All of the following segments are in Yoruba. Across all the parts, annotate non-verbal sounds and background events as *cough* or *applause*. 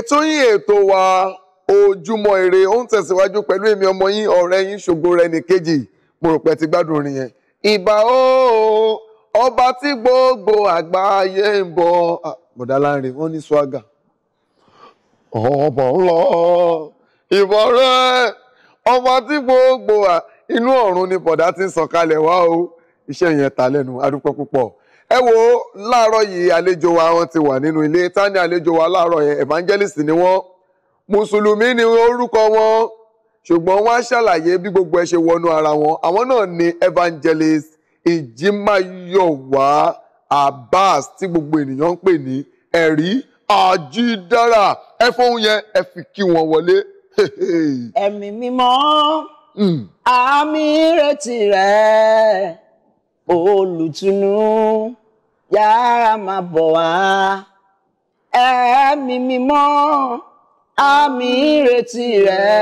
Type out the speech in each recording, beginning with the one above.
ètò yín ètò wa ojúmọ́ ire ó ń tẹ̀síwájú pẹ̀lú èmi ọmọ yín ọ̀rẹ́ yín Ṣògorẹnìkejì mo rò pé ti gbádùn orin yẹn ìbà ó ọba tí gbogbo àgbáyé ń bọ ah, bọ̀dá láàrin wọn ní swaga ọba ńlọ ìbọn rẹ ọba tí gbogbo inú ọ̀run ni bọ̀dá ti ń sọ̀kalẹ̀ wá o iṣẹ́ yẹn ta lẹ́nu adúpẹ́ púpọ̀ ẹ wo láàárọ̀ yìí àlejò wa wọ́n ti wà nínú ilé ta ni àlejò wa láàárọ̀ yẹn evangelist ni wọ́n mùsùlùmí ni orúkọ wọn ṣùgbọ́n wọ́n á ṣàlàyé bí gbogbo ẹ ṣe wọnú ara wọn àwọn náà ni evangelist Ìjímáyọ̀wá Abbas tí gbogbo ènìyàn ń pè ní ẹ̀rí àjídára ẹ fóun yẹn ẹ fi kí wọn wọlé. ẹ̀mí mímọ́ hmm. àmì ìrètí rẹ̀ olùtùnú yára máa bọ̀ wá ẹ̀mí mímọ́ àmì ìrètí rẹ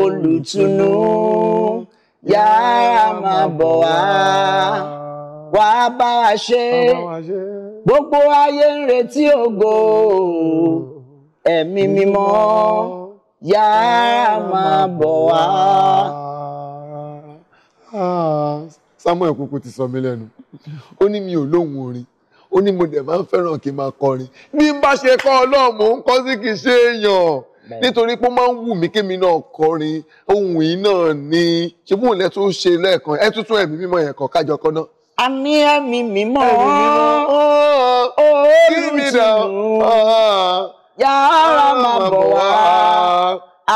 olùtùnú yára máa bọ̀ wá wá bá wa ṣe gbogbo ayé ń retí ògo ẹ̀mí mímọ́ yára máa bọ̀ wá. Ah samuel kúkú ti sọ mí lẹ́nu ó ní mi ò lóhùn orin ó ní mo dẹ̀ máa ń fẹ́ràn kí n máa kọrin bí n bá ṣe kọ́ ọlọ́run mò ń kọ́ sí kì í ṣe èèyàn nítorí pé ó máa ń wù mí kémi náà kọrin ohun yìí náà ni ṣé bóun lẹ tún ṣe lẹ́ẹ̀kan ẹ tún tún ẹ̀mí mímọ́ yẹn kàn kájọ kan náà. àmì ẹ̀mí mímọ́ olùtùnú yàrá máa bọ̀ wá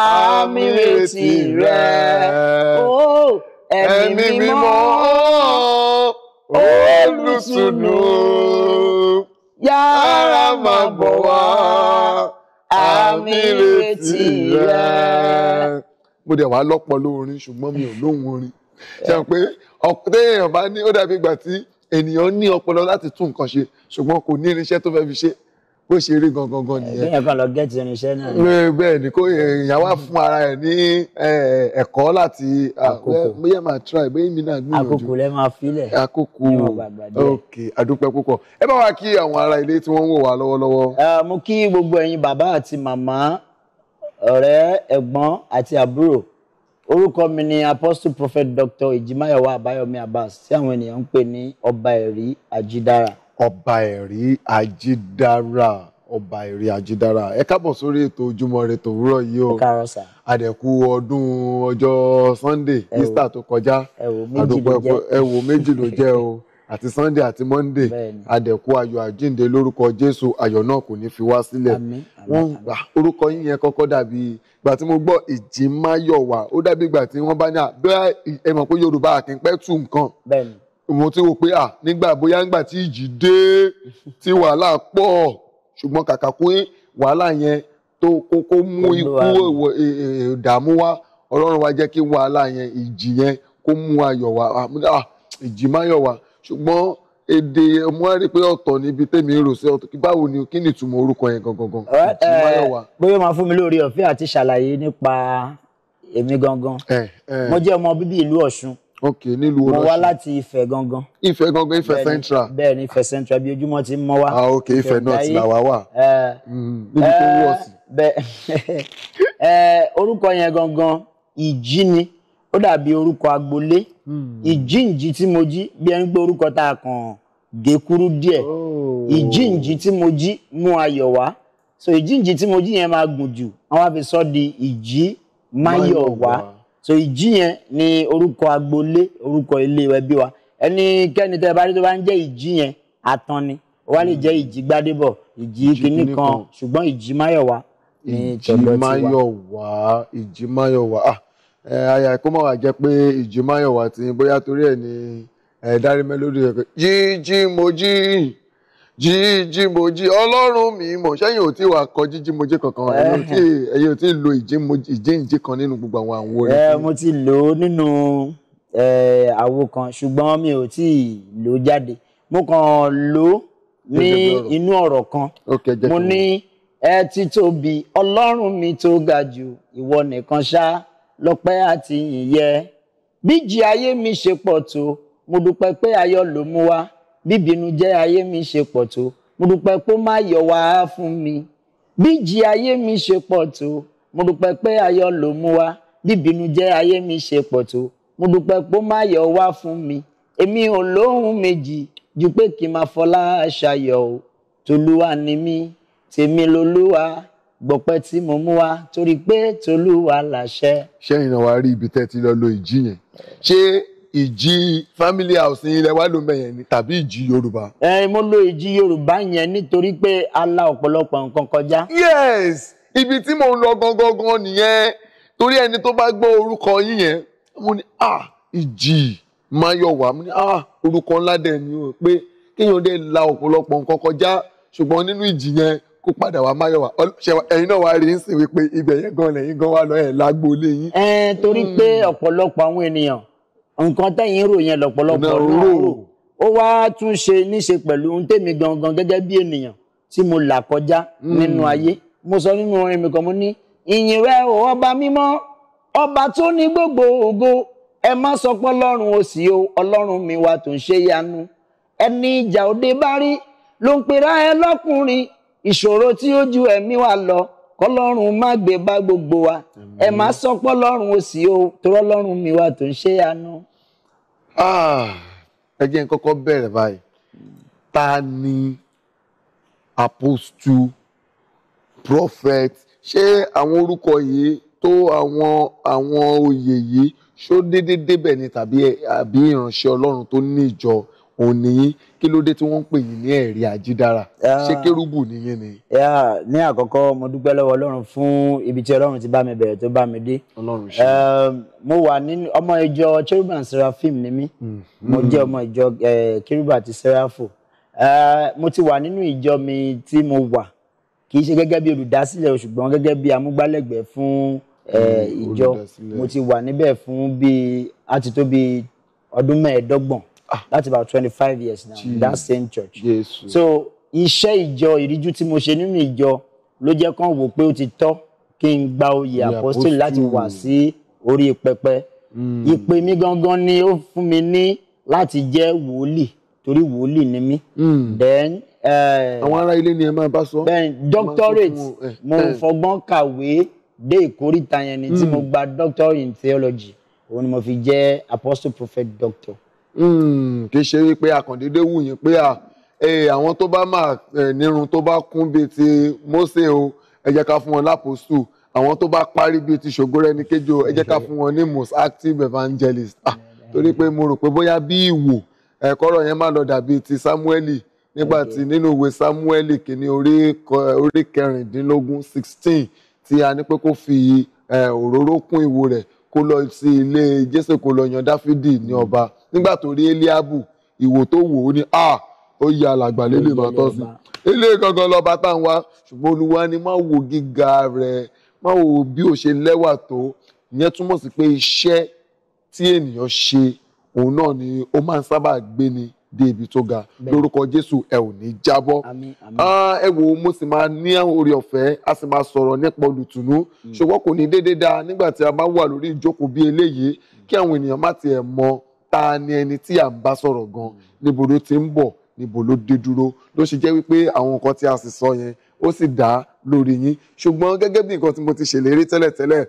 àmì retí rẹ̀. Oh ẹ̀mí mímọ́ olùtùnú yára máa bọ̀ wá àmì retí rẹ̀. mo dẹ̀ wá lọ́pọ̀ lóorin ṣùgbọ́n mi ò lóhùn orin ṣe pé téèyàn bá ní ó dàbí ìgbà tí ènìyàn ní ọpọlọ láti tún nǹkan ṣe ṣùgbọ́n kò ní irinṣẹ́ tó fẹ́ fi ṣe bó ṣe rí gangan gan nìyẹn. ìyẹn kan lọ gẹ́tì irinṣẹ́ náà. bẹ́ẹ̀ ni kò èèyàn wá fún ara ẹ̀ ní ẹ̀kọ́ láti bóyá máa try bóyá mi náà gbìyànjú. àkókò lẹ máa filẹ̀. àkókò ok àdúpẹ́ púpọ̀ ẹ bá wa kí àwọn ará ilé tí wọ́n ń wò wá lọ́wọ́lọ́wọ́. mo kí gbogbo ẹ̀yin bàbá àti màmá ọ̀rẹ́ ẹ̀gbọ́n àti àbúrò orúkọ mi ni apostle prophet dr Ejimayowa Abayomi Abbas tí àwọn ènìyàn ń pè ní ọba ẹ̀rí àjídára ọba ẹ̀rí ajídára ọba ẹ̀rí ajídára ẹ káàbọ̀ sórí ètò ojúmọ́ rẹ tòwúrọ̀ yìí o àdẹ̀kù ọdún ọjọ́ sunday easter tó kọjá ẹ̀wò méjì ló jẹ́ o àti sunday àti monday àdẹ̀kù ayọ̀ àjíǹde lórúkọ jésù ayọ̀ náà kò ní fi wá sílẹ̀ wọ́n gbà orúkọ yín yẹn kọ́kọ́ dàbí ìgbà tí mo gbọ́ ìjìmáyọ̀wà ó dàbí ìgbà tí wọ́n bá ní àbẹ́ ẹ pé yorùbá àkínpẹ́ tù nǹkan mo ti wò pé à nígbà bóyá nígbà tí ìjì dé tí wàhálà pọ̀ ṣùgbọ́n kàkà kó wàhálà yẹn tó kókó mú ikú ìdààmú wá ọlọ́run wa jẹ́ kí wàhálà yẹn ìjì yẹn kó mú ayọ̀ wá à ìjì má yọ̀ wá ṣùgbọ́n èdè mo rí pé ọ̀tọ̀ níbi tèmi rò sí ọ̀tọ̀ báwo ni kí ni ìtumọ̀ orúkọ yẹn gangan gan ìjì má yọ̀ eh, wá. bóyá máa fún mi lórí ọ̀fẹ́ àti ṣàlàyé nípa èmi gangan eh, eh. mo jẹ́ ọmọ bíbí ìlú Ọ̀ṣun ok nílùú olóṣù mo wá láti Ifẹ̀ gangan. Ifẹ̀ gangan Ifẹ̀ central. bẹ́ẹ̀ ni Ifẹ̀ central bí ojúmọ́ ti ń mọ́ wá. ah ok Ifẹ̀ náà ti là wá wà. Mm, níbi tó wọ̀ sí. *laughs* orúkọ yẹn gangan ìjí ni ó dàbí orúkọ agboolé mm. ìjíǹjí tí mo jí bí ẹni pé orúkọ tá a kàn gé kúrú díẹ̀ oh. ìjíǹjí tí mo jí mú ayọ̀ wá so ìjíǹjí tí mo jí yẹn máa gùn jù àwọn á fi sọ di ìjí máyọ̀ wá so ìjí yẹn ni orúkọ agboolé orúkọ ilé ẹbí wa ẹnikẹ́ni tẹ́ bá rí tó bá ń jẹ́ ìjí yẹn àtàn ni ó wá lè hmm. jẹ́ ìjí gbádébọ̀ ìjí kinní kan ṣùgbọ́n ìjí máyọ̀wá ni tọ̀dọ̀ tiwa. ìjí máyọ̀wá ìjí máyọ̀wá ah àyà kó má wà jẹ́ pé ìjí máyọ̀wá ti bóyá torí ẹ̀ ni ẹ̀ dárí mélòdì rẹ̀ pé jíjí mo jí jíjímojì ọlọ́run mi mọ̀ sẹ́yìn ò tí wàá kọ jíjímojì kankan ẹ̀yin ò tí lo ìjíǹjì kan nínú gbogbo àwọn àwo rẹ̀. ẹ mo ti lò ó nínú àwo kan ṣùgbọ́n mi ò tí ì lò ó jáde mo kàn lò ó ní inú ọ̀rọ̀ kan mo ní ẹ ti tóbi ọlọ́run mi tó ga jù ìwọ nìkan ṣá lọ́pẹ́ àti ìyìn bíjì ayé mi ṣe pọ̀ tó mo dúpẹ́ pé ayọ̀ ló mú wá bíbínú jẹ́ ayé mi ṣe pọ̀ tó mo dúpẹ́ pé ó má yọ wá fún mi bíjì ayé mi ṣe pọ̀ tó mo dúpẹ́ pé ayọ̀ ló mú wá bíbínú jẹ́ ayé mi ṣe pọ̀ tó mo dúpẹ́ pé ó má yọ wá fún mi èmi ò lóhùn méjì ju pé kí n máa fọlá ṣayọ̀ o tolúwa ni mí tèmi lolúwa gbọ̀pẹ́ tí mo mú wá torí pé tolúwa làṣẹ. ṣẹ́yìn náà wàá rí ibi tẹ́ ti lọ lo ìjì yẹn ṣé ìjì family house yín lẹ wá ló mẹyẹn ni tàbí ìjì yorùbá. ẹ mo lo ìjì yorùbá yẹn nítorí pé a la ọ̀pọ̀lọpọ̀ nǹkan kọjá. yes ibi tí mo ń lọ gangan nìyẹn torí ẹni tó bá gbọ́ orúkọ yín yẹn mo ní ah ìjì mayowa. mo ní ah orúkọ ńlá dẹ̀ ni o pé kéèyàn dẹ̀ la ọ̀pọ̀lọpọ̀ nǹkan kọjá ṣùgbọ́n nínú ìjì yẹn kó padà wá máyọ̀wá ẹ̀yin náà wá rí ń sìn wípé ibẹ̀ yẹn gan lẹ́yìn gan wá lọ ẹ̀ lágbó lẹ́yìn. ẹ torí hmm. pé ọ̀pọ̀lọpọ̀ àwọn ènìyàn nǹkan tẹ́yìn rò yẹn lọ́pọ̀lọpọ̀ náà rò ó wá tún ṣe níṣe pẹ̀lú ohun tèmi gangan gẹ́gẹ́ bí ènìyàn tí mo là kọjá hmm. nínú ayé mo sọ nínú orin mi kan mo ní ìyìn rẹ o ọba mímọ́ ọba tó ní gbogbo ògo ẹ má sọ pé ọlọ́run ò sí o ọlọ́run mi wa tó ń ṣe yanu ẹni ìjà òde bá rí ló ń pera ẹ lọ́kùnrin ìṣòro tí ó ju ẹ̀mí wa lọ kọlọ́run má gbé bá gbogbo wa ẹ má sọ pọ́lọ́run ó sì o torọ́ lọ́run mi wa tó ń ṣe àánú. Ah, ẹ jẹ́ n kọ́kọ́ bẹ̀rẹ̀ báyìí ta ni apostu prophet ṣé àwọn orúkọ yìí tó àwọn àwọn oyè yìí ṣó déédéé débẹ̀ ni tàbí àbí ìránṣẹ́ ọlọ́run tó ní ìjọ òun nìyí kí ló dé tí wọ́n ń pè yín ní ẹ̀rí àjídára ṣé kérúbù nìyẹn ni. ní àkọ́kọ́ mo dúpẹ́ lọ́wọ́ ọlọ́run fún ibi tí ọlọ́run ti bá mi bẹ̀rẹ̀ tó bá mi dé. ọlọ́run ṣe. mo wà ní ọmọ ìjọ cherubim seraphim ni mí mhm. mo jẹ́ ọmọ ìjọ kérúbù àti serapho mo ti wà nínú ìjọ mi tí mo wà kì í ṣe gẹ́gẹ́ bí olùdásílẹ̀ ṣùgbọ́n gẹ́gẹ́ bí amúgbálẹ́gbẹ̀ẹ́ fún hmm, ìjọ mo ti wà níbẹ̀ fún bíi àti tó bíi ọdún mẹ́ẹ̀ẹ́dọ́gbọ̀n Ah. that's about twenty five years now Jeez. in that same church Jesu. so iṣẹ́ ìjọ ìríjú tí mo ṣe nínú ìjọ ló jẹ́ kán wò pé ó ti tọ́ kí n gba oyè apostole láti wà sí orí pẹpẹ hmm. ìpè mi gangan ni ó fún mi ní láti jẹ́ wòlíì torí wòlíì ni mí hmm. then eh, àwọn ará ilé ni ẹ máa bá sọ. bẹ́ẹ̀ doctorate eh, mo eh. fọgbọ́n kàwé dé ìkórìtà yẹn ni tí mo hmm. gba doctor in theology òun ni mo fi jẹ́ apostle prophet doctor. Hmm, kì í ṣe wípé àkàndédé wù yín pé àwọn tó bá máa nírun tó bá kún bíi ti Mósè o ẹ ká fún wọn lápòsù àwọn tó bá parí bíi ti Ṣògorẹ́níkejì o ẹ jẹ́ ká fún wọn ní most active evangelist ah, torí pé mo rò pé bóyá bí ìwò ẹ̀kọ́rọ̀ yẹn má lọ dàbí ti Sámúẹ́lì nígbà tí nínú ìwé Sámúẹ́lì kìíní orí kẹrìndínlógún sixteen tí a ní pé kó fi òróró kún ìwo rẹ̀ kó lọ sí ilé Jésè kó lọ yan Dáfídì ní ọba. Mm -hmm nígbà tó rí eliabu ìwò tó wò ó ní a ah, ó yẹ alàgbà lélẹ̀ máa tọ́ sí ilé gangan lọ́ba tá à ń wá ṣùgbọ́n olúwa ni má wo gíga rẹ̀ má wo bí ó ṣe lẹ́wà tó ìyẹn túmọ̀ sí pé iṣẹ́ tí ènìyàn ṣe òun náà ni ó máa ń sábà gbé ni dé ibi tó ga lórúkọ jésù ẹ ò ní jábọ́ ah, ẹ wo mo sì máa ní oore ọ̀fẹ́ a sì máa sọ̀rọ̀ nípa olùtùnú mm. ṣùgbọ́n kò ní déédéé dáa nígbà tí a bá wà lórí ìjókòó bí eléyìí kí àwọn ènìyàn má tiẹ̀ mọ̀ ta ni ẹni tí à bá sọ̀rọ̀ gan hmm. níbo ló ti ń bọ̀ níbo ló dé dúró ló ṣe jẹ́ wípé àwọn nǹkan tí a sì sọ yẹn ó sì dá lórí yín ṣùgbọ́n gẹ́gẹ́ bí nǹkan tí mo ti ṣèlérí tẹ́lẹ̀tẹ́lẹ̀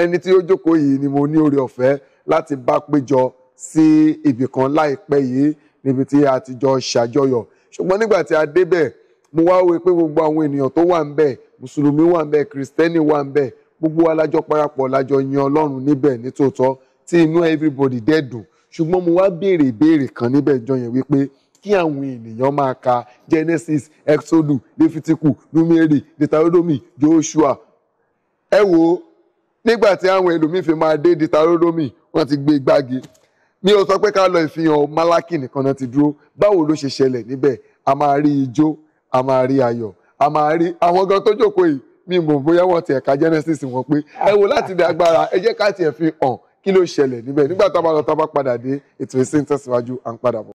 ẹni tí ó jókòó yìí ni mo ní oore ọ̀fẹ́ láti bá péjọ sí ibì kan láìpẹ́ yìí níbi tí a ti jọ ṣàjọyọ̀ ṣùgbọ́n nígbà tí a débẹ̀ mo wá wò pé gbogbo àwọn ènìyàn tó wà ń mùsùlùmí wà ń kìrìsìtẹ́nì wà ń gbogbo alájọ parapọ̀ lájọ yin ọlọ́run níbẹ̀ nítòótọ́ tí inú everybody dẹ́ ṣùgbọ́n mo wá béèrè ìbéèrè kan níbẹ̀ jọ yẹn wípé kí àwọn ènìyàn máa ka Genesis Exodus lefitiku numeri deuteronomy Joshua ẹ wo nígbà tí àwọn ẹlòmíín fi máa dé deuteronomy wọ́n ti gbé e gbági mi ò sọ pé ká lọ ìfihàn Málákì nìkan náà ti dúró báwo ló ṣe ṣẹlẹ̀ níbẹ̀ a máa rí ijó a máa rí ayọ̀ a máa rí àwọn gan tó jókòó yìí mi mọ̀ bóyá wọ́n ti ẹ̀ka Genesis wọn pé ẹ wo láti dẹ agbára ẹ jẹ́ ká tiẹ̀ fi hàn kí ló ṣẹlẹ̀ níbẹ̀ nígbà tá a bá lọ tá a bá padà dé ètò ìsìn tẹ̀síwájú à ń padà bọ̀.